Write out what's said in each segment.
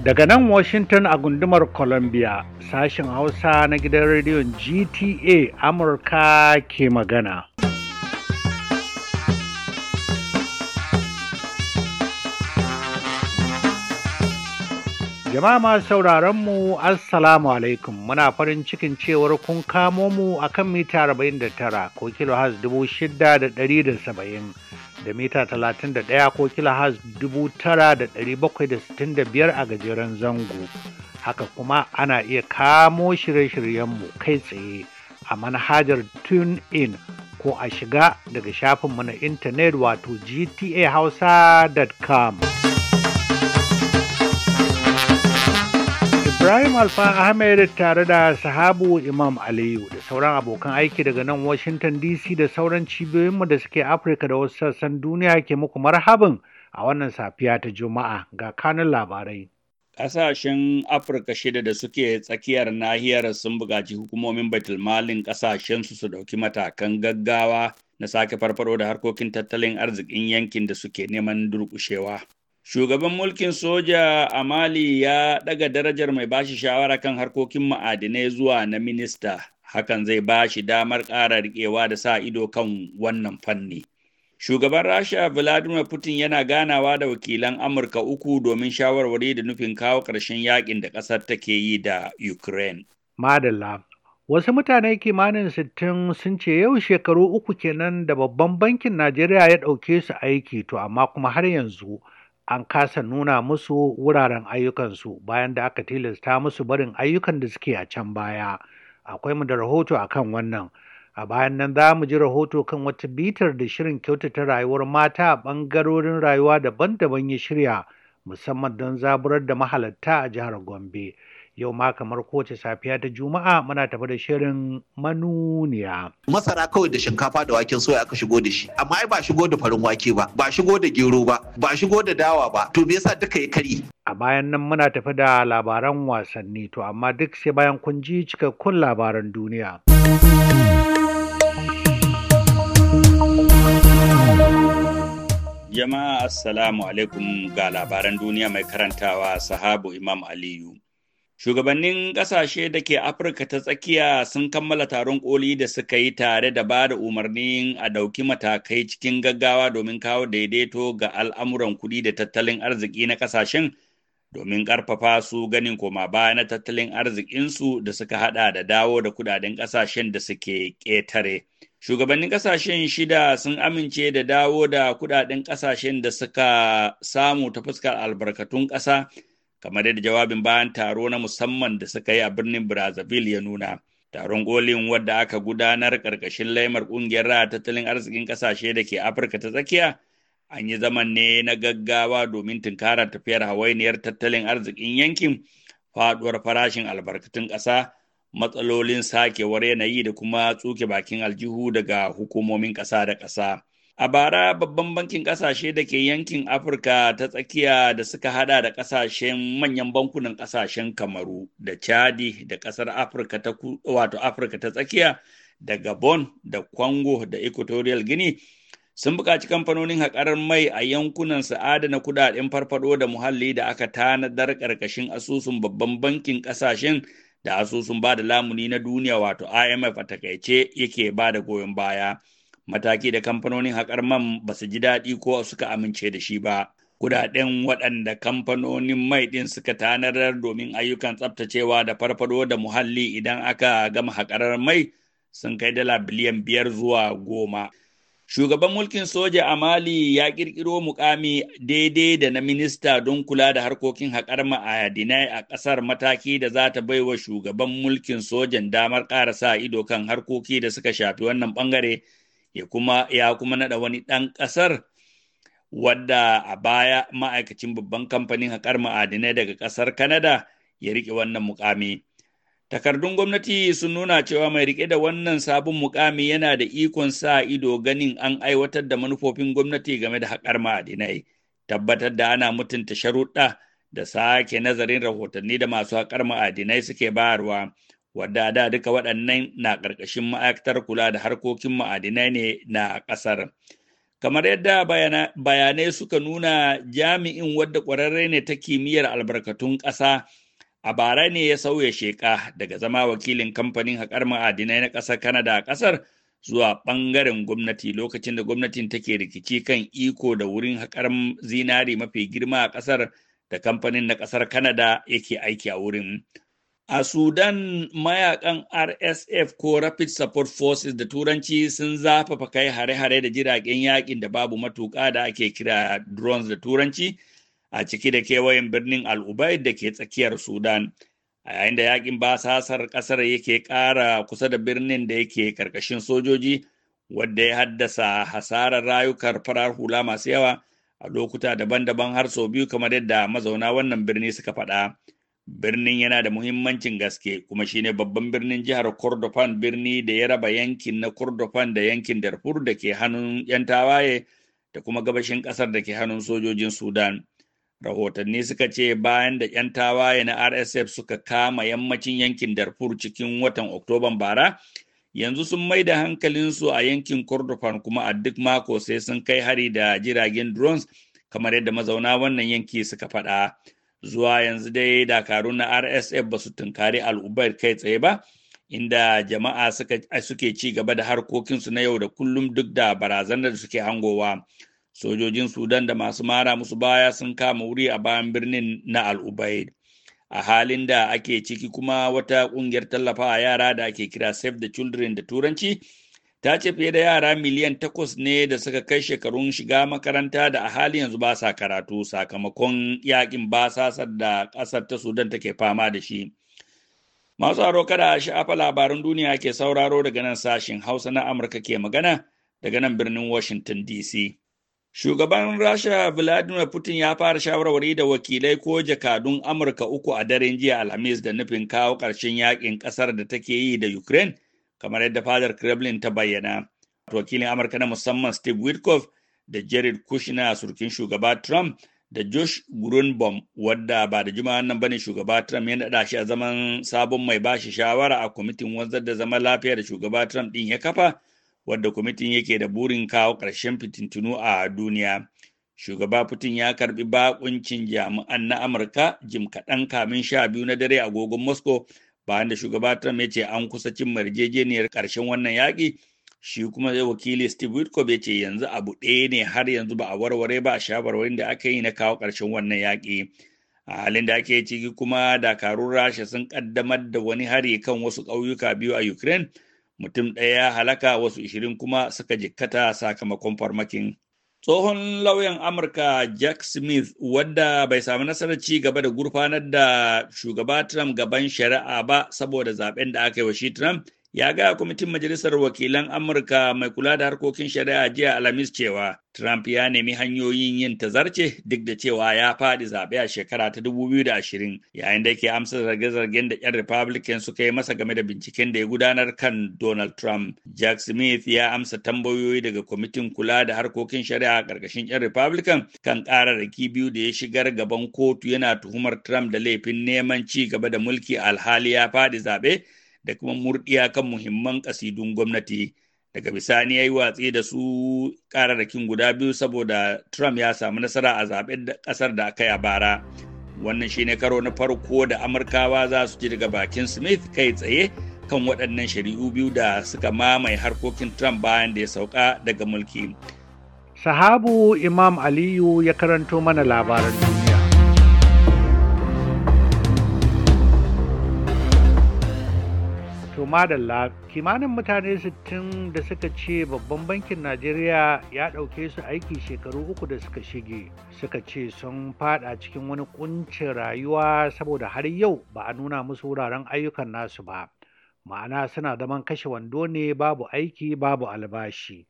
Daga nan Washington a gundumar Columbia, sashen Hausa na gidan rediyon GTA Amurka ke magana. Jama'a masu sauraron mu Assalamu alaikum muna farin cikin cewar kun kamo mu akan mita 49 ko kilohaz 6,170 da mita 31 ko kilohaz 9,765 a gajeren zango. Haka kuma ana iya kamo shirye-shiryenmu kai tsaye a manhajar TuneIn ko a shiga daga shafinmu na intanet wato gtahausa.com. Ibrahim Alfa Ahmed tare da sahabu Imam Aliyu da sauran abokan aiki daga nan Washington DC da sauran cibiyoyinmu da suke Afirka da wasu sassan duniya ke muku marhabin a wannan safiya ta Juma'a ga kanun labarai. Ƙasashen Afirka shida da suke tsakiyar nahiyar sun buƙaci hukumomin baitulmalin ƙasashensu su ɗauki matakan gaggawa na sake farfaro da harkokin tattalin arzikin yankin da suke neman durƙushewa. Shugaban mulkin soja a Mali ya ɗaga darajar mai bashi shawara kan harkokin ma'adinai zuwa na minista, hakan zai ba shi damar ƙara riƙewa da sa ido kan wannan fanni. Shugaban Rasha Vladimir Putin yana ganawa da wakilan Amurka uku domin shawarwari da nufin kawo ƙarshen yakin da ƙasar take yi da Ukraine. Madalla, wasu mutane kimanin sittin sun ce yau shekaru uku kenan da babban bankin Najeriya ya ɗauke su aiki to amma kuma har yanzu an kasa nuna musu wuraren ayyukansu bayan da aka tilasta musu barin ayyukan da suke a can baya akwai mu da rahoto akan wannan a bayan nan za mu ji rahoto kan wata bitar da shirin kyautata rayuwar mata a ɓangarorin rayuwa daban-daban ya shirya musamman don zaburar da mahalatta a jihar gombe yau ma kamar kowace safiya ta juma'a muna tafi da shirin manuniya. masara kawai da shinkafa da waken soya aka shigo da shi amma ai ba shigo da farin wake ba ba shigo da gero ba ba shigo da dawa ba to me yasa duka ya kari a bayan nan muna tafi da labaran wasanni to amma duk sai bayan kun ji cikakkun labaran duniya. Jama'a Assalamu alaikum ga labaran duniya mai karantawa sahabu Imam Aliyu. Shugabannin ƙasashe da ke Afirka ta tsakiya sun kammala taron koli da suka yi tare da ba da umarnin a ɗauki matakai cikin gaggawa domin kawo daidaito ga al'amuran kuɗi da tattalin arziki na ƙasashen domin ƙarfafa su ganin koma baya na tattalin arzikinsu da suka haɗa da dawo da kuɗaɗen ƙasashen da suke ƙetare. Shugabannin ƙasashen shida sun amince da dawo da kuɗaɗen ƙasashen da suka samu ta fuskar albarkatun ƙasa. kamar yadda jawabin bayan taro na musamman da suka yi a birnin Brazzaville ya nuna. Taron kolin wadda aka gudanar ƙarƙashin laimar ƙungiyar raha tattalin arzikin ƙasashe da ke Afirka ta tsakiya, an yi zaman ne na gaggawa domin tunkarar tafiyar hawainiyar tattalin arzikin yankin, faɗuwar farashin albarkatun ƙasa, matsalolin sakewar yanayi da kuma tsuke bakin aljihu daga hukumomin ƙasa da ƙasa. A bara babban bankin ƙasashe da ke yankin Afirka ta tsakiya da suka hada da ƙasashen manyan bankunan ƙasashen Kamaru da Chadi da ƙasar Afirka ta wato Afirka ta tsakiya da Gabon da Congo da Equatorial Guinea sun buƙaci kamfanonin haƙarar mai a yankunan su adana kuɗaɗen farfaɗo da muhalli da aka tanadar ƙarƙashin asusun babban bankin ƙasashen da asusun ba da lamuni na duniya wato IMF a takaice yake ba da goyon baya. mataki da kamfanonin haƙar man ba su ji daɗi ko suka amince da shi ba. Kudaden waɗanda kamfanonin mai ɗin suka tanadar domin ayyukan tsaftacewa da farfado da muhalli idan aka gama haƙarar mai sun kai dala biliyan biyar zuwa goma. Shugaban mulkin soja a Mali ya ƙirƙiro mukami daidai da na minista don kula da harkokin haƙar ma'adinai a ƙasar mataki da za ta baiwa shugaban mulkin sojan damar ƙara sa ido kan harkoki da suka shafi wannan ɓangare. ya kuma ya kuma nada wani ɗan ƙasar wadda a baya ma'aikacin babban kamfanin haƙar ma'adinai daga ƙasar Kanada ya riƙe wannan mukami. Takardun gwamnati sun nuna cewa mai rike da wannan sabon mukami yana da ikon sa ido ganin an aiwatar da manufofin gwamnati game da haƙar ma'adinai, tabbatar da ana mutunta sharuɗa da sake nazarin rahotanni da masu haƙar ma'adinai suke bayarwa. wadda da duka waɗannan na ƙarƙashin ma'aikatar kula da harkokin ma'adinai ne na ƙasar. Kamar yadda bayanai suka nuna jami'in wadda ƙwararre ne ta kimiyyar albarkatun ƙasa a bara ne ya sauya sheƙa daga zama wakilin kamfanin haƙar ma'adinai na ƙasar Kanada a ƙasar zuwa ɓangaren gwamnati lokacin da gwamnatin take rikici kan iko da wurin haƙar zinari mafi girma a ƙasar da kamfanin na ƙasar Kanada yake aiki a wurin. A Sudan mayakan RSF ko Rapid Support Forces da Turanci sun zafafa kai hare-hare da jiragen yakin da babu matuƙa da ake kira drones da Turanci a ciki da kewayen birnin Al-Ubaid da ke tsakiyar Sudan. A yayin da yakin basasar ƙasar yake ƙara kusa da birnin da yake ƙarƙashin sojoji wadda ya haddasa hasarar rayukar farar hula masu yawa a lokuta daban-daban har sau biyu kamar yadda mazauna wannan birni suka faɗa. Birnin yana da muhimmancin gaske kuma shine babban birnin jihar Kordofan birni da ya raba yankin na Kordofan da yankin Darfur da ke hannun 'yan tawaye da kuma gabashin ƙasar da ke hannun sojojin Sudan. Rahotanni suka ce bayan da 'yan tawaye na RSF suka kama yammacin yankin Darfur cikin watan Oktoban bara, yanzu sun mai da hankalinsu a yankin Kordofan kuma a duk mako sai sun kai hari da jiragen drones kamar yadda mazauna wannan yanki suka faɗa. zuwa yanzu dai dakaru na rsf ba su tunkari al'ubar kai tsaye ba inda jama'a suke ci gaba da harkokinsu na yau da kullum duk da barazanar da suke hangowa sojojin sudan da masu mara musu baya sun kama wuri a bayan birnin na al'ubaid a halin da ake ciki kuma wata ƙungiyar tallafa a yara da ake kira save the children da turanci ta ce fiye da yara miliyan takwas ne da suka kai shekarun shiga makaranta da a hali yanzu ba sa karatu sakamakon yakin basasar da ƙasar ta sudan take fama da shi masu aro kada sha'afa labaran duniya ke sauraro daga nan sashen hausa na amurka ke magana daga nan birnin washington dc Shugaban Rasha Vladimir Putin ya fara shawarwari da wakilai ko jakadun Amurka uku a daren jiya Alhamis da nufin kawo ƙarshen yakin ƙasar da take yi da Ukraine kamar yadda fadar Kremlin ta bayyana. Wakilin Amurka na musamman Steve Witkoff da Jared Kushner surukin shugaba Trump da Josh Grunbaum wadda ba da juma'an nan bane shugaba Trump ya naɗa shi a zaman sabon mai bashi shawara a kwamitin wanzar da zama lafiya da shugaba Trump ɗin ya kafa wadda kwamitin yake da burin kawo ƙarshen fitintunu a duniya. Shugaba Putin ya karbi bakuncin jami'an na Amurka jim kaɗan kamin sha biyu na dare a agogon Moscow bayan da shugaba Trump ya ce an kusa cin yarjejeniyar ƙarshen wannan yaƙi shi kuma zai wakili Steve Witkoff ya ce yanzu abu ɗaya ne har yanzu ba a warware ba a shawarwarin da aka yi na kawo ƙarshen wannan yaƙi. A halin da ake ciki kuma dakarun Rasha sun ƙaddamar da wani hari kan wasu ƙauyuka biyu a Ukraine, mutum ɗaya halaka wasu ishirin kuma suka jikkata sakamakon farmakin. Tsohon lauyan Amurka Jack Smith wadda bai samu nasarar ci gaba da gurfanar da shugaba Trump gaban shari'a ba saboda zaben da aka yi wa shi Trump ya ga kwamitin majalisar wakilan amurka mai kula da harkokin shari'a jiya alhamis cewa trump ya nemi hanyoyin yin tazarce duk da cewa ya faɗi zaɓe a shekara ta 2020 yayin da ke amsa zarge-zargen da 'yan republican suka yi masa game da binciken da ya gudanar kan donald trump jack smith ya amsa tambayoyi daga kwamitin kula da harkokin shari'a ƙarƙashin 'yan republican kan ƙararraki biyu da ya shigar gaban kotu yana tuhumar trump da laifin neman ci gaba da mulki alhali ya fadi zaɓe da kuma murɗiya kan muhimman ƙasidun gwamnati daga bisani ya yi watsi da su kararrakin guda biyu saboda trump ya samu nasara a zaben ƙasar da aka yi a bara wannan shine karo na farko da amurkawa za su ji daga bakin smith kai tsaye kan waɗannan shari'u biyu da suka mamaye harkokin trump bayan da ya sauka daga mulki sahabu imam aliyu ya karanto mana labaran madalla kimanin mutane 60 da suka ce babban bankin najeriya ya ɗauke su aiki shekaru uku da suka shige suka ce sun fada cikin wani kuncin rayuwa saboda har yau ba a nuna musu wuraren ayyukan nasu ba ma'ana suna zaman kashe wando ne babu aiki babu albashi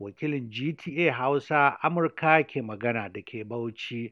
wakilin gta hausa amurka ke magana da ke bauchi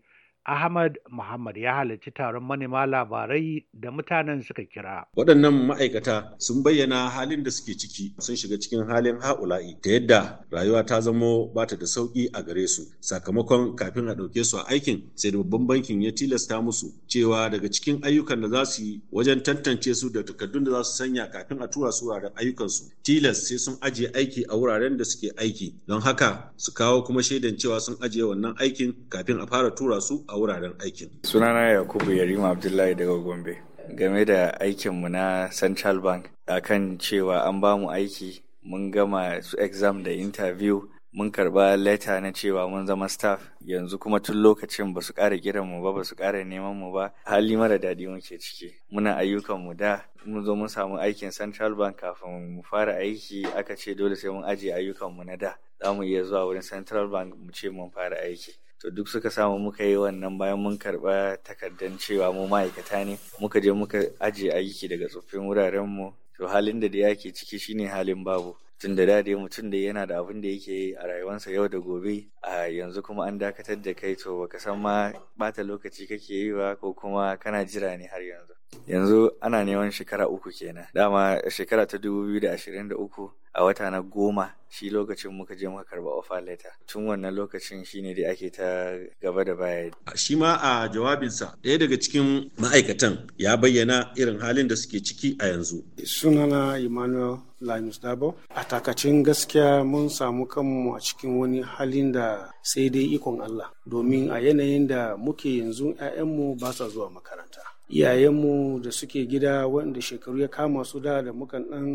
Ahmad Muhammad ya halarci taron manema labarai da mutanen suka kira. Waɗannan ma'aikata sun bayyana halin da suke ciki sun shiga cikin halin ha'ula'i ta yadda rayuwa ta zamo bata da sauƙi a gare su sakamakon kafin a ɗauke su a aikin sai da babban bankin ya tilasta musu cewa daga cikin ayyukan da za su yi wajen tantance su da takardun da za su sanya kafin a tura su wuraren ayyukansu tilas sai sun ajiye aiki a wuraren da suke aiki don haka su kawo kuma shaidan cewa sun ajiye wannan aikin kafin a fara tura su a wuraren aikin. Sunana Yakubu Yarima Abdullahi daga Gombe. Game da aikinmu na Central Bank akan cewa an ba mu aiki mun gama su exam da interview mun karba leta na cewa mun zama staff yanzu kuma tun lokacin ba su ƙara kiran mu ba ba su ƙara neman mu ba hali mara daɗi muke ciki muna ayyukan mu da mun zo mun samu aikin central bank kafin mu fara aiki aka ce dole sai mun ajiye ayyukan mu na da za mu iya zuwa wurin central bank mu ce mun fara aiki to duk suka samu muka yi wannan bayan mun karba takardar cewa mu ma'aikata ne muka je muka aje aiki daga tsoffin wuraren mu to halin da da yake ciki shine halin babu tun da dade mutum da yana da abin da yake a rayuwarsa yau da gobe a yanzu kuma an dakatar da kai to baka san ma bata lokaci kake yi ba ko kuma kana jira ne har yanzu yanzu ana neman shekara uku kenan dama shekara ta dubu biyu da ashirin da uku a wata na goma shi lokacin muka je muka karba offer letter tun wannan lokacin shine dai ake ta gaba da baya shi ma a jawabinsa ɗaya daga cikin ma'aikatan ya bayyana irin halin da suke ciki a yanzu sunana emmanuel lamis dabo a takacin gaskiya mun samu kanmu a cikin wani halin da sai dai ikon allah domin a yanayin da muke yanzu 'ya'yanmu ba sa zuwa makaranta iyayenmu da suke gida waɗanda shekaru ya kama su da da mukan ɗan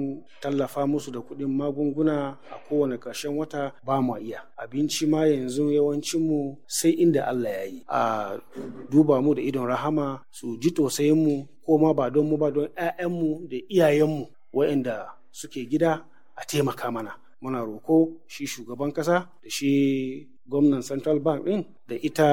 tallafa musu da kuɗin magunguna a kowane ƙarshen wata ba mu iya abinci ma yanzu yawancinmu sai inda Allah ya yi a duba mu da idon rahama su ji tosayinmu ko ma ba don mu ba don 'ya'yanmu da iyayenmu waɗanda suke gida a taimaka mana muna roko shi shugaban kasa da shi gwamnan central bank din da ita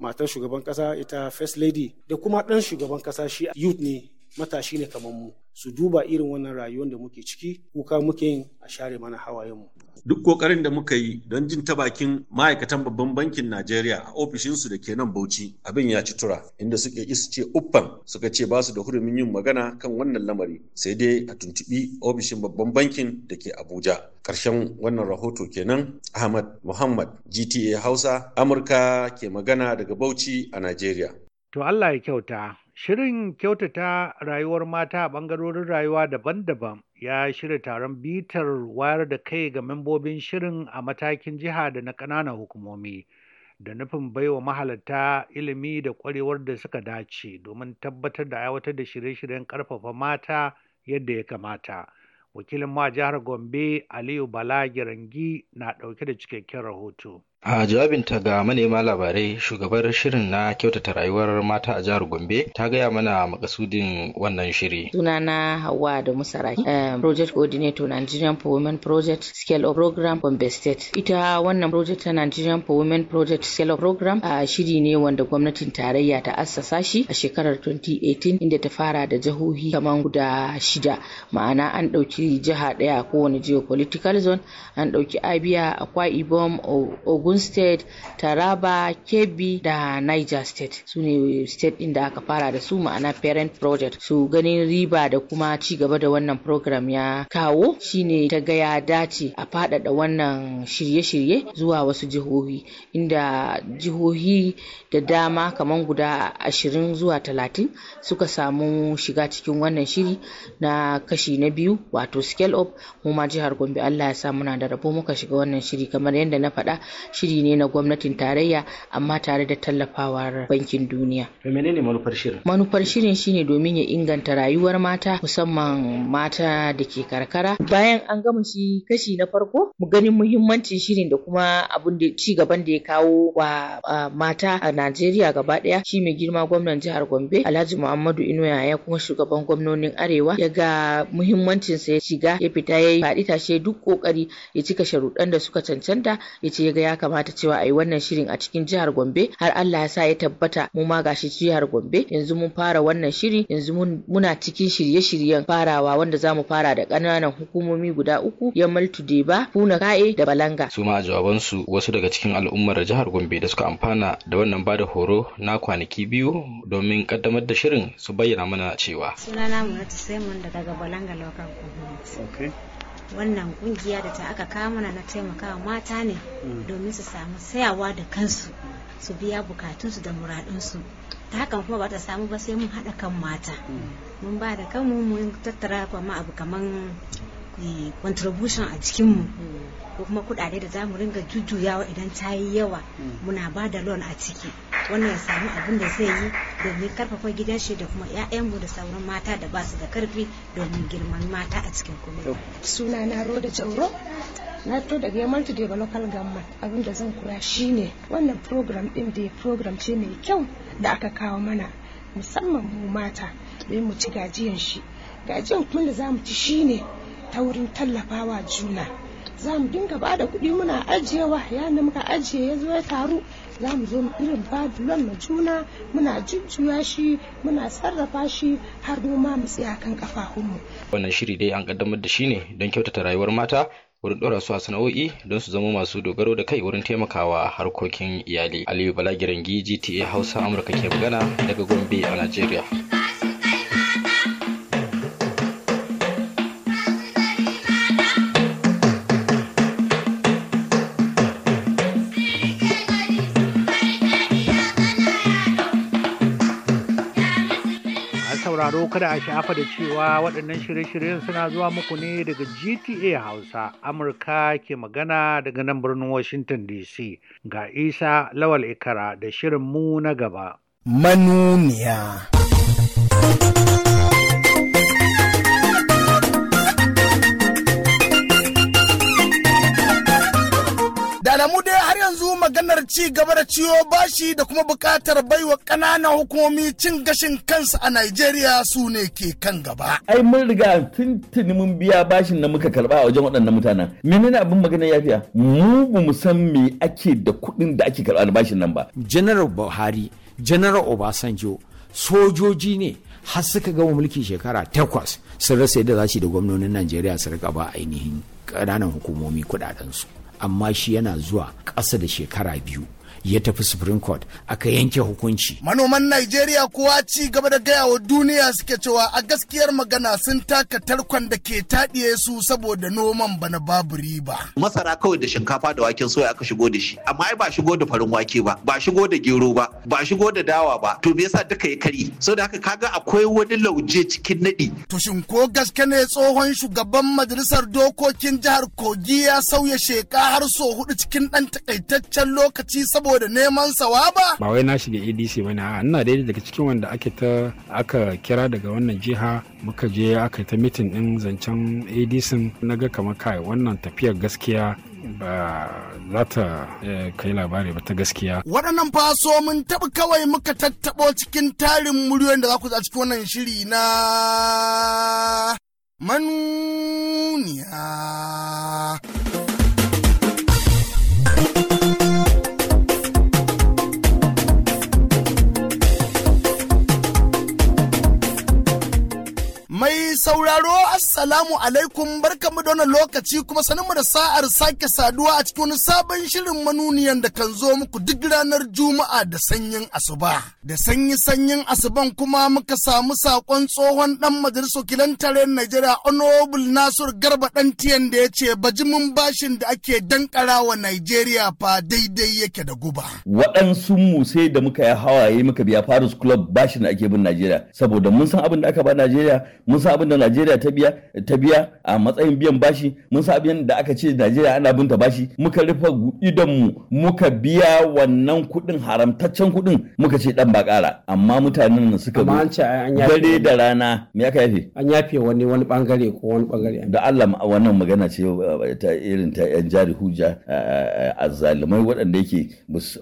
matar shugaban kasa ita first lady da kuma dan shugaban kasa shi youth ne matashi ne kamar mu su duba irin wannan rayuwar da muke ciki kuka muke yin a share mana hawayen mu duk kokarin da muka yi don jin ta bakin ma'aikatan babban bankin Najeriya a ofishinsu da ke nan Bauchi abin ya ci tura inda suke isu ce uffan suka ce ba su da hurumin yin magana kan wannan lamari sai dai a tuntubi ofishin babban bankin da ke Abuja karshen wannan rahoto kenan Ahmad Muhammad GTA Hausa Amurka ke magana daga Bauchi a Najeriya to Allah ya kyauta Shirin kyautata rayuwar mata a ɓangarorin rayuwa daban-daban ya shirya taron bitar wayar da kai ga membobin shirin a matakin jiha da na ƙananan hukumomi da nufin baiwa mahalarta ilimi da ƙwarewar da suka dace domin tabbatar da aiwatar da shirye-shiryen ƙarfafa mata yadda ya kamata. Wakilin ma jihar Gombe Aliyu Bala Girangi na ɗauke da cikakken rahoto. A jawabinta ga manema labarai shugabar shirin na kyautata rayuwar mata a jihar Gombe ta gaya mana makasudin wannan shiri. Suna na Hauwa da Musara, um, Project Coordinator Nigerian for Women Project Scale of Program Gombe State. Ita wannan project ta Nigerian for Women Project Scale of Program a uh, shiri ne wanda gwamnatin tarayya ta assasa shi a shekarar 2018 inda ta fara da jihohi kamar guda shida. Ma'ana an ɗauki jiha ɗaya kowane geopolitical zone, an ɗauki Abia, Akwa Ibom, Ogun Ogun State, Taraba, Kebbi da Niger State. Su ne state ɗin da aka fara da su ma'ana parent project. Su ganin riba da kuma ci gaba da wannan program ya kawo shine ta gaya dace a faɗaɗa wannan shirye-shirye zuwa wasu jihohi inda jihohi da dama kamar guda ashirin zuwa talatin suka samu shiga cikin wannan shiri na kashi na biyu wato scale up mu ma jihar Gombe Allah ya sa muna da rabo muka shiga wannan shiri kamar yadda na faɗa shiri ne na gwamnatin tarayya amma tare da tallafawa bankin duniya. menene manufar shirin? Manufar shirin shine domin ya inganta rayuwar mata musamman mata da ke karkara. Bayan an gama shi kashi na farko mu ganin muhimmancin shirin da kuma abin da ci gaban da ya kawo wa mata a Najeriya gaba ɗaya. shi mai girma gwamnan jihar Gombe Alhaji Muhammadu Ino ya kuma shugaban gwamnonin Arewa ya ga muhimmancin sa ya shiga ya fita ya yi faɗi tashe duk kokari ya cika sharuɗan da suka cancanta ya ce ya ga ya kamata kamata cewa a yi wannan shirin a cikin jihar Gombe har Allah ya sa ya tabbata mu ma gashi jihar Gombe yanzu mun fara wannan shiri yanzu muna cikin shirye-shiryen farawa wanda zamu fara da ƙananan hukumomi guda uku Yamal Tudeba, Funa Ka'e da Balanga. Su ma jawabansu wasu daga cikin al'ummar jihar Gombe da suka amfana da wannan bada horo na kwanaki biyu domin kaddamar da shirin su bayyana mana cewa. Sunana Simon daga Balanga Local Government. Okay. wannan kungiya da ta aka kawo na taimakawa mata ne mm. domin su samu sayawa da kansu su biya bukatunsu da muradunsu ta hakan kuma ba ta samu ba sai mun haɗa kan mata mm. mun ba da kanmu mun tattara kuma abu kaman contribution a cikinmu mm. ko kuma kudade da zamu ringa jujjuyawa idan ta yi yawa mm. muna ba da loan a ciki wannan ya samu abin da zai yi domin karfafa gidan shi da kuma 'ya'yanmu da sauran mata da ba su da karfi domin girman mata a cikin kuma suna na roda tsauro na to daga yamal today ba local government abin da zan kura shine wannan program din da program ce mai kyau da aka kawo mana musamman mu mata domin mu ci gajiyan shi gajiyan kuma da za ci shine ta wurin tallafawa juna za mu dinga ba da kuɗi muna ajiyewa yana muka ajiye ya zo ya taru za mu zo irin babilon na juna muna jujjuya shi muna sarrafa shi har noma mu tsaya kan kafafunmu. wannan shiri dai an kaddamar da shi ne don kyautata rayuwar mata wurin ɗora su a sana'o'i don su zama masu dogaro da kai wurin taimakawa harkokin iyali aliyu balagirangi gta hausa amurka ke magana daga gombe a najeriya. sauraro kada a sha'afa da cewa waɗannan shirye-shiryen suna zuwa muku ne daga GTA Hausa, Amurka ke magana daga nan birnin Washington DC ga Isa Lawal Ikara da shirin mu na gaba. Manuniya. alamu dai har yanzu maganar ci gaba da ciwo bashi da kuma bukatar baiwa kananan hukumomi cin gashin kansu a Najeriya su ne ke kan gaba. Ai mun riga tuntuni mun biya bashin na muka karba a wajen waɗannan mutanen. Menene abin maganar yafiya? Mu ba mu san me ake da kuɗin da ake karɓa bashin nan ba. General Buhari, General Obasanjo, sojoji ne har suka gama mulki shekara takwas sun rasa yadda za su da gwamnonin Najeriya su rika ba ainihin ƙananan hukumomi kuɗaɗensu. amma shi yana zuwa ƙasa da shekara biyu ya tafi supreme court aka yanke hukunci manoman najeriya kuwa ci gaba da gaya wa duniya suke cewa a gaskiyar magana sun taka tarkon da ke taɗiye su saboda noman bana babu riba masara kawai da shinkafa da waken soya aka shigo da shi amma ai ba shigo da farin wake ba ba shigo da gero ba ba shigo da dawa ba to me yasa duka ya kari saboda haka kaga akwai wani lauje cikin nadi to shin ko gaske ne tsohon shugaban majalisar dokokin jihar kogi ya sauya sheka har so hudu cikin dan takaitaccen lokaci saboda saboda neman sawaba ba wai na shiga adc bane a ina daidai daga cikin wanda ake ta aka kira daga wannan jiha muka je aka ta mitin din zancen adc na ga kamar kai wannan tafiyar gaskiya ba za ta eh, kai labari ba ta gaskiya. Waɗannan faso mun taɓa kawai muka tattaɓo cikin tarin muryoyin da za ku a cikin wannan shiri na manuniya. mai sauraro assalamu alaikum barkamu da wani lokaci kuma sanin mu da sa'ar sake saduwa a cikin wani sabon shirin manuniyan da kan zo muku duk ranar juma'a da sanyin asuba da sanyi sanyin asuban kuma muka samu sakon tsohon dan majalisar kilan tare Najeriya honorable Nasir Garba dan tiyan da ya ce bajimin bashin da ake dankara wa Najeriya fa daidai yake da guba waɗansu mu da muka yi hawaye muka biya Paris Club bashin da ake bin Najeriya saboda mun san abin da aka ba Najeriya mun san abin da Najeriya ta biya ta biya a matsayin biyan bashi mun san abin da aka ce Najeriya ana bin ta bashi muka rufe idon mu muka biya wannan kuɗin haramtaccen kuɗin muka ce dan ba ƙara amma mutanen nan suka amma dare da rana me aka yafe an yafe wani wani bangare ko wani bangare da Allah wannan magana ce uh, ta irin ta yan jari hujja uh, uh, azzalumai waɗanda yake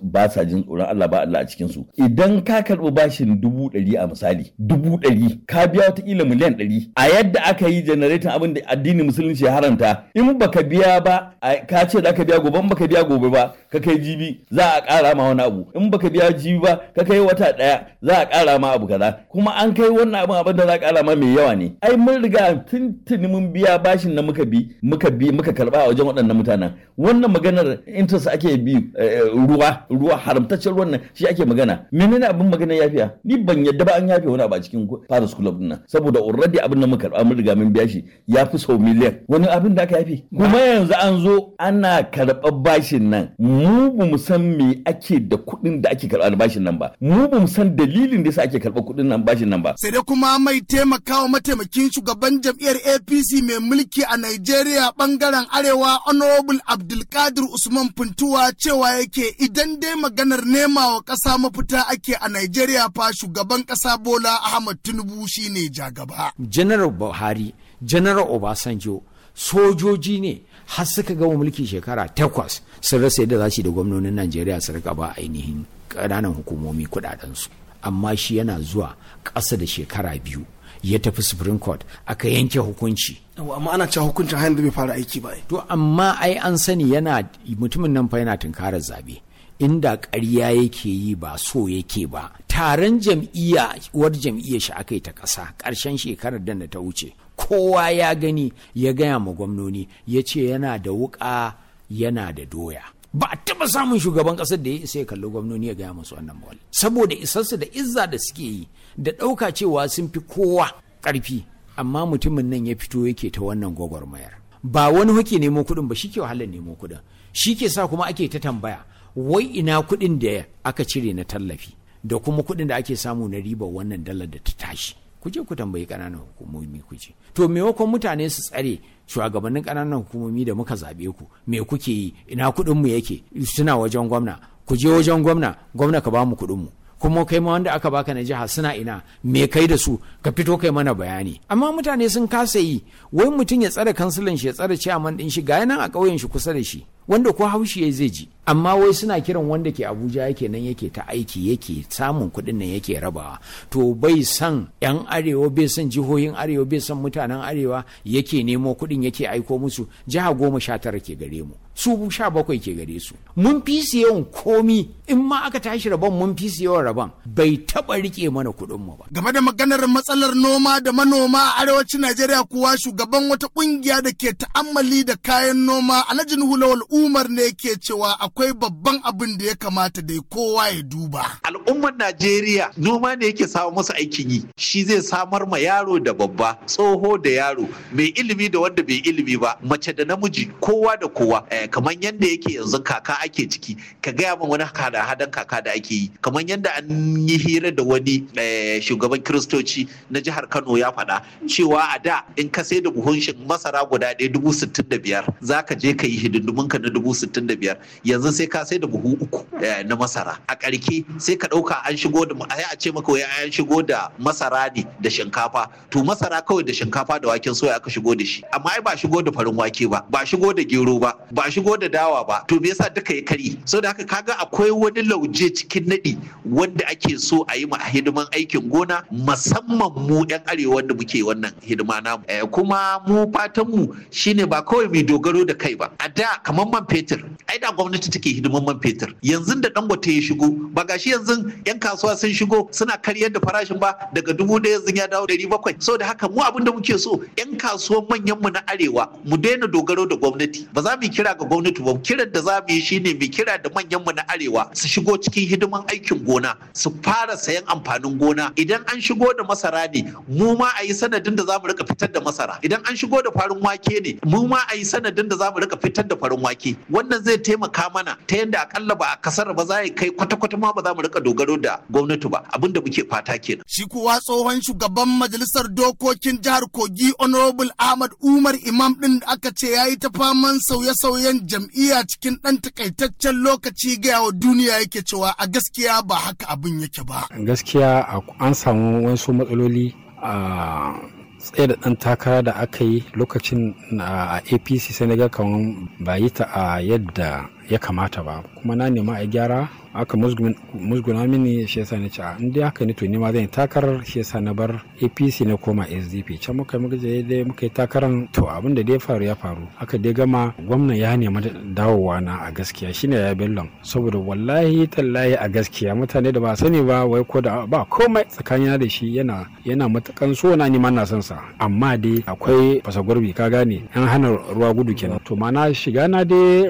ba sa jin tsoron Allah ba Allah a cikin su idan ka karɓi bashin dubu ɗari a misali dubu ɗari ka biya wata kila miliyan ɗari a yadda aka yi generating abin da addinin musulunci ya haranta in baka biya ba ka ce da ka biya gobe in baka biya gobe ba ka kai jibi za a ƙara ma wani abu in baka biya jibi ba ka kai wata ɗaya za a ƙara ma abu kaza kuma an kai wannan abin abin da za a ƙara ma mai yawa ne ai mun riga tuntuni mun biya bashin na muka bi muka bi muka karba a wajen waɗannan mutanen wannan maganar interest ake bi eh, eh, ruwa ruwa haramtaccen ruwan nan shi ake magana menene abin maganar yafiya ni ban yadda ba an yafe wani abu a cikin Paris Club din nan saboda already abin na mu karɓa mun riga mun biya shi ya fi sau miliyan wani abin da aka yafi kuma yanzu an zo ana karɓar bashin nan mu ba mu san me ake da kuɗin da ake karɓa bashin nan ba mu ba mu san dalilin da yasa ake karɓar kuɗin nan bashin nan ba sai dai kuma mai taimakawa mataimakin shugaban jam'iyyar APC mai mulki a Najeriya bangaren arewa honorable Abdulkadir Usman Funtuwa cewa yake idan dai maganar nema wa ƙasa mafita ake a Najeriya fa shugaban ƙasa Bola Ahmad Tinubu shine jagaba. janarar buhari janaral obasanjo sojoji ne har suka gama mulki shekara takwas sun rasa yadda za su da gwamnonin najeriya su rika ba ainihin ƙananan hukumomi su amma shi yana zuwa ƙasa da shekara biyu ya tafi supreme court aka yanke hukunci amma ana cewa hukuncin hanyar da bai fara aiki ba to amma ai an sani yana mutumin nan fa yana tunkarar zabe inda ƙarya yake yi ba so yake ba taron jam'iyya war jam'iyyar shi aka yi ta ƙasa ƙarshen shekarar da ta wuce kowa ya gani ya gaya ma gwamnoni ya ce yana da wuƙa yana da doya ba a taɓa samun shugaban ƙasar da ya isa ya kalli gwamnoni ya gaya musu wannan mawali saboda isarsu da izza da suke yi da ɗauka cewa sun fi kowa ƙarfi amma mutumin nan ya fito yake ta wannan gwagwarmayar ba wani hake nemo kuɗin ba shi ke wahalar nemo kuɗin shi ke sa kuma ake ta tambaya wai ina kuɗin da aka cire na tallafi da kuma kuɗin da ake samu na riba wannan dalar da ta tashi ku je ku tambayi ƙananan hukumomi ku je to wakon mutane su tsare shugabannin ƙananan hukumomi da muka zaɓe ku me kuke yi ina kuɗin mu yake suna wajen gwamna ku je wajen gwamna gwamna ka ba mu kuɗin mu kuma kai ma wanda aka baka na jiha suna ina me kai da su ka fito kai mana bayani amma mutane sun kasa yi wai mutum ya tsare kansilan shi ya tsare ciyaman din shi ga nan a ƙauyen shi kusa da shi wanda ko haushi zai ji amma wai suna kiran wanda ke abuja yake nan yake ta aiki yake samun kuɗin nan yake rabawa to bai san yan arewa bai san jihohin arewa bai san mutanen arewa yake nemo kuɗin yake aiko musu jiha goma sha tara ke gare mu su sha bakwai ke gare su mun fi siyan komi in ma aka tashi rabon mun fi siyan rabon bai taba rike mana kuɗin mu ba game da maganar matsalar noma da manoma a arewacin Najeriya kuwa shugaban wata ƙungiya da ke ta'ammali da kayan noma Alhaji hulawar Umar ne ke cewa akwai babban abin da ya kamata dai kowa ya duba al'ummar Najeriya noma ne yake samu musu aikin yi shi zai samar ma yaro da babba tsoho da yaro mai ilimi da wanda bai ilimi ba mace da namiji kowa da kowa eh, yaya eh, kamar yadda yake yanzu kaka ake ciki ka gaya min wani hada hadan kaka da ake yi kamar yadda an yi hira da wani eh, shugaban kiristoci na jihar kano ya faɗa cewa a da in ka sai da buhunshin masara guda ɗaya dubu sittin da biyar za ka je ka yi hidindumin ka na dubu sittin da biyar yanzu sai ka sai da buhu uku eh, na masara a ƙarke sai ka ɗauka an shigo da ai a ce maka wai an shigo da masara ne da shinkafa to masara kawai da shinkafa da waken soya aka shigo da shi amma ai ba shigo da farin wake ba ba shigo da gero ba ba shigo da dawa ba to me yasa duka ya kari da haka kaga akwai wani lauje cikin nadi wanda ake so a yi ma hidiman aikin gona musamman mu yan arewa da muke wannan hidima namu eh, kuma mu fatan mu shine ba kawai mai dogaro da kai ba a da kamar man fetur ai da gwamnati take hidiman man fetur yanzu da dangote ya shigo ba gashi yanzu yan kasuwa sun shigo suna karyar da farashin ba daga dubu ɗaya yanzu ya dawo ɗari bakwai da haka mu abin da muke so yan kasuwan manyan mu na arewa mu daina dogaro da gwamnati ba za mu kira ga gwamnati ba kiran da za mu yi shine mu kira da manyan mu na arewa su shigo cikin hidiman aikin gona su fara sayan amfanin gona idan an shigo da masara ne mu ma a yi sanadin da za mu rika fitar da masara idan an shigo da farin wake ne mu ma a yi sanadin da za mu rika fitar da farin wake wannan zai taimaka mana ta yadda akalla ba a kasar ba za kai kwata-kwata ma ba za mu rika dogaro da gwamnati ba abinda muke fata kenan shi kuwa tsohon shugaban majalisar dokokin jihar kogi honorable ahmad umar imam din da aka ce ya yi ta faman sauye-sauye ɗan jam'iyya cikin ɗan takaitaccen lokaci gaya wa duniya yake cewa a gaskiya ba haka abin yake ba. Gaskiya an samu wasu matsaloli a tsaye da ɗan takara da aka yi lokacin a apc senegal kamar ba yi ta a yadda ya kamata ba kuma na nema a gyara aka musguna mini shi yasa na ci'a a inda haka ne to nema zan takarar shi yasa na bar apc na koma sdp can muka muka je dai muka yi takarar to abin da dai faru ya faru aka dai gama gwamna ya nema dawowa na a gaskiya shine ya bellon saboda wallahi tallahi a gaskiya mutane da ba sani ba wai ko da ba komai tsakanina da shi yana yana matakan so na ni ma na san sa amma dai akwai fasa gurbi ka gane an hana ruwa gudu kenan to ma na shiga na dai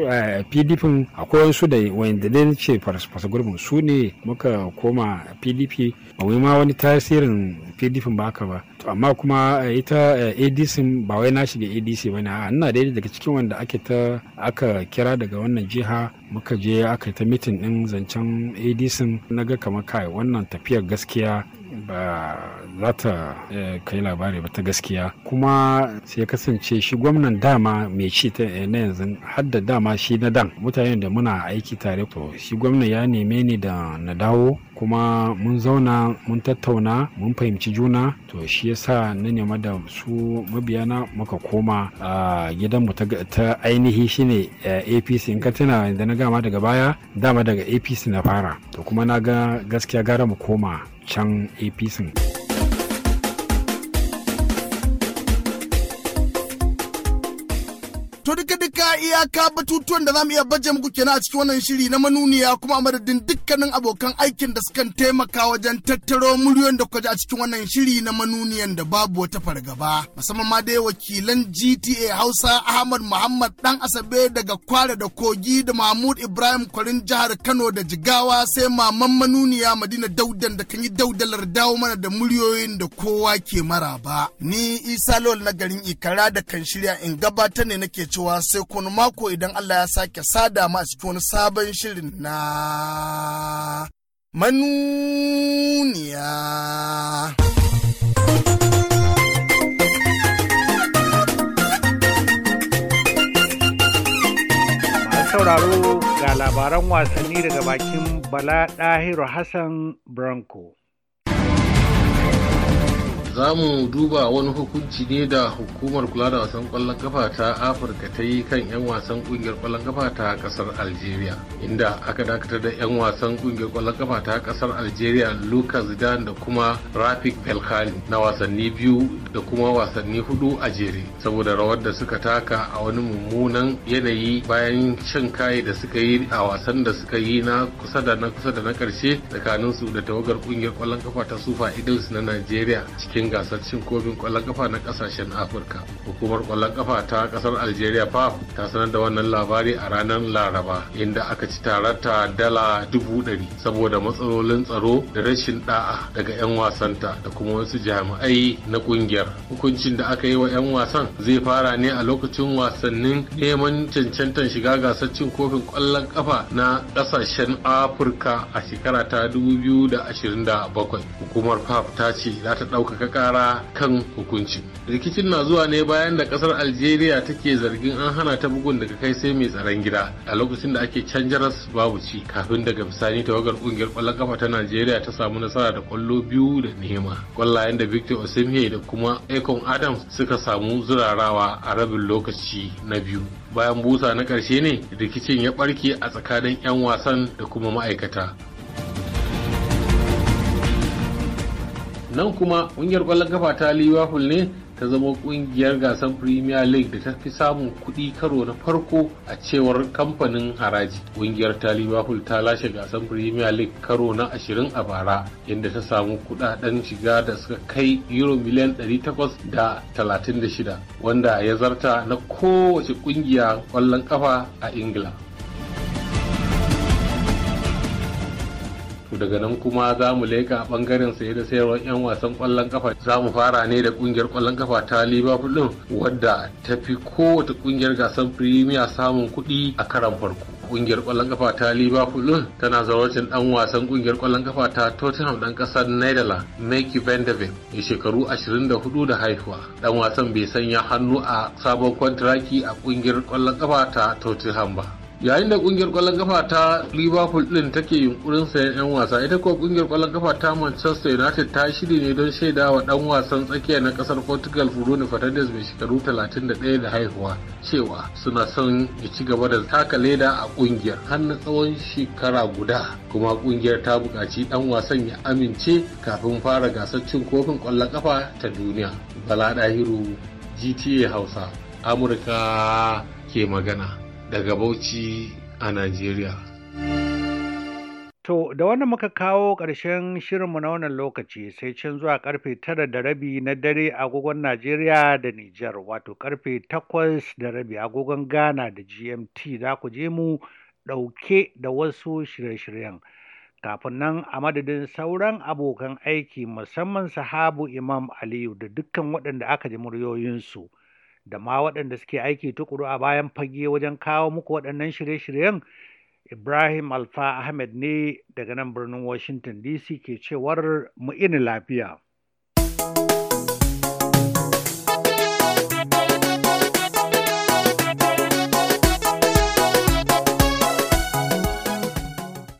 pdp eh, akwai wasu da wanda ne ce fasa gurbin su ne muka koma pdp ba wai ma wani tasirin pdp ba haka ba amma kuma eh, ita eh, adc ba wai na shiga adc ba ne a ina daidai daga cikin wanda ake ta aka kira daga wannan jiha muka je aka ta mitin din zancen adc na ga kamar kai wannan tafiyar gaskiya ba za ta eh, kai labari ba ta gaskiya kuma sai kasance shi gwamnan dama mai ci ta eh, na yanzu har da dama shi na dan mutanen da muna aiki tare to shi gwamnan ya neme ni da na dawo kuma mun zauna mun tattauna mun fahimci juna to shi yasa na nema da su mabiyana muka koma a gidan mu ta ainihi shine apc in ka tuna da na gama daga baya dama daga apc na fara to kuma na ga gaskiya gara mu koma can apc To duka duka iyaka batutuwan da za mu iya baje muku kenan a cikin wannan shiri na manuniya kuma a madadin dukkanin abokan aikin da sukan taimaka wajen tattaro muryoyin da kwaje a cikin wannan shiri na manuniyan da babu wata fargaba. Musamman ma dai wakilan GTA Hausa Ahmad Muhammad Dan Asabe daga Kwara da Kogi da Mahmud Ibrahim Kwarin jihar Kano da Jigawa sai maman manuniya Madina Daudan da kan yi daudalar dawo mana da muryoyin da kowa ke maraba. Ni Isa Lol na garin Ikara da kan shirya in gabatar ne nake cewa sai kun mako idan Allah ya sake sada mu a cikin wani sabon shirin na manuniya. sauraro ga labaran wasanni daga bakin Bala Dahiru Hassan Branko. za mu duba wani hukunci ne da hukumar kula da wasan kwallon kafa ta afirka ta yi kan 'yan wasan kungiyar kwallon kafa ta kasar algeria inda aka dakatar da 'yan wasan kungiyar kwallon kafa ta kasar algeria lucas dan da kuma rafik belkali na wasanni biyu da kuma wasanni hudu a jere saboda rawar da suka taka a wani mummunan yanayi bayan shan kayi da suka yi a wasan da suka yi na kusa da na kusa da na karshe tsakaninsu da tawagar kungiyar kwallon kafa ta sufa eagles na nigeria cikin kofin gasar cin kofin kwallon kafa na kasashen afirka hukumar kwallon kafa ta kasar algeria fa ta sanar da wannan labari a ranar laraba inda aka ci tararta dala dubu ɗari saboda matsalolin tsaro da rashin da'a daga 'yan wasanta da kuma wasu jami'ai na kungiyar hukuncin da aka yi wa 'yan wasan zai fara ne a lokacin wasannin neman cancantar shiga gasar cin kofin kwallon kafa na kasashen afirka a shekara ta 2027 hukumar pap ta ce za ta ɗaukaka kara kan hukunci rikicin na zuwa ne bayan da kasar algeria take zargin an hana ta bugun daga kai sai mai tsaron gida a lokacin da ake can jaras babu ci kafin daga bisani tawagar kungiyar kwallon kafa ta najeriya ta samu nasara da kwallo biyu da nema kwallayen da victor osimhen da kuma ekon Adam suka samu zurarawa a rabin lokaci na biyu bayan busa na ƙarshe ne rikicin ya barke a tsakanin 'yan wasan da kuma ma'aikata nan kuma ƙungiyar ƙwallon kafa ta liverpool ne ta zama ƙungiyar gasar premier league da ta fi samun kuɗi karo na farko a cewar kamfanin haraji ƙungiyar ta liverpool ta lashe gasar premier league karo na 20 a bara inda ta samu kuɗaɗen shiga da suka kai euro miliyan 836 wanda ya zarta na kowace ƙungiya ƙwallon kafa a ingila daga nan kuma za mu leka a bangaren saye da sayarwar 'yan wasan kwallon kafa za mu fara ne da kungiyar kwallon kafa ta liverpool din wadda ta fi kowace kungiyar gasar premier samun kuɗi a karan farko kungiyar kwallon kafa ta liverpool din tana zarwacin dan wasan kungiyar kwallon kafa ta tottenham dan kasar netherlands meki van de mai shekaru 24 da haihuwa dan wasan bai sanya hannu a sabon kwantiraki a kungiyar kwallon kafa ta tottenham ba yayin da kungiyar kwallon kafa ta liverpool din take yunkurin sayan 'yan wasa ita kuwa kungiyar kwallon kafa ta manchester united ta shiri ne don shaida wa dan wasan tsakiya na kasar portugal bruno fernandes mai shekaru 31 da haihuwa cewa suna son ya ci gaba da taka leda a kungiyar har na tsawon shekara guda kuma kungiyar ta buƙaci dan wasan ya amince kafin fara gasar cin kofin kwallon kafa ta duniya bala dahiru gta hausa amurka ke magana daga Bauchi a Najeriya. To, da wannan muka kawo ƙarshen shirinmu na wannan lokaci sai can zuwa karfe tara da rabi na dare agogon Najeriya da Nijar, wato karfe takwas da rabi agogon Ghana da GMT za ku je mu ɗauke da wasu shirye-shiryen. Kafin nan a madadin sauran abokan aiki musamman sahabu Imam Aliyu da dukkan waɗanda aka ji muryoyinsu. da ma waɗanda suke aiki tukuru a bayan fage wajen kawo muku waɗannan shirye-shiryen Ibrahim Alfa Ahmed ne daga nan birnin Washington DC ke cewar mu ini lafiya.